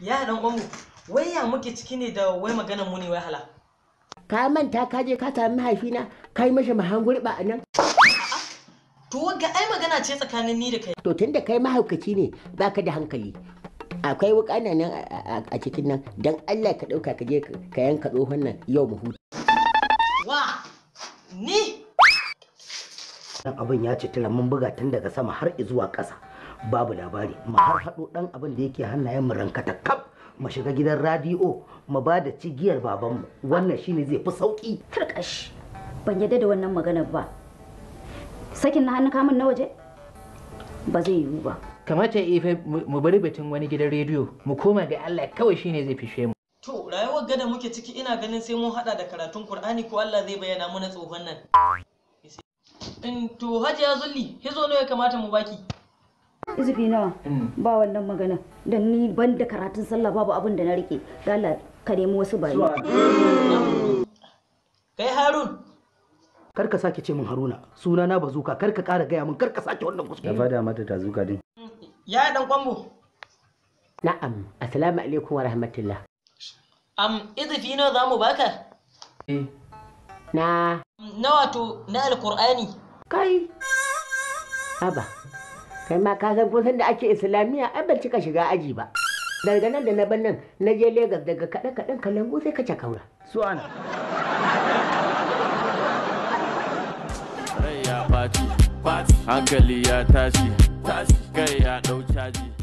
ya dan uwanmu wai ya muke ciki ne da wai maganar mu ne wai hala ka manta ka je ka sami mahaifina kai mashi mahanguri ba a nan to ga ai magana ce tsakanin ni da kai to tunda kai mahaukaci ne baka da hankali akwai wukana nan a cikin nan dan Allah ka dauka ka je ka yanka tsohon nan yau mu huta wa ni dan abin ya ci tira mun buga tun daga sama har zuwa ƙasa babu labari mu har haɗo dan abin da yake hannayen mu rankata kaf mu shiga gidan radio, mu ba da cigiyar babanmu wannan shine zai fi sauki karkashi ban yadda da wannan magana ba sakin na hannu kamun na waje ba zai yiwu ba kamata ya ife mu bari batun wani gidan rediyo mu koma ga Allah kawai shine zai fishe mu to rayuwar gada muke ciki ina ganin sai mun hada da karatun Qur'ani ko Allah zai bayyana mana tsohon nan to hajiya zulli hizo nawa ya kamata mu baki Izubi nawa mm. ba wannan magana da ni ban da karatun sallah babu abin da na rike dala ka nemi wasu bayi kai harun kar ka sake ce min haruna suna na bazuka kar ka kara gaya min kar ka sake wannan kuskure ya fada mata ta zuka din ya dan kwambo na'am assalamu alaikum wa rahmatullah am izufi nawa zamu baka na na wato na alkur'ani kai haba kai ma ka san kusan da ake islamiyya ai ban cika shiga aji ba daga nan da na ban nan na je Legas daga kaɗan kaɗan kalangu sai ka ce kaura su ana hankali ya tashi kai ya ɗau caji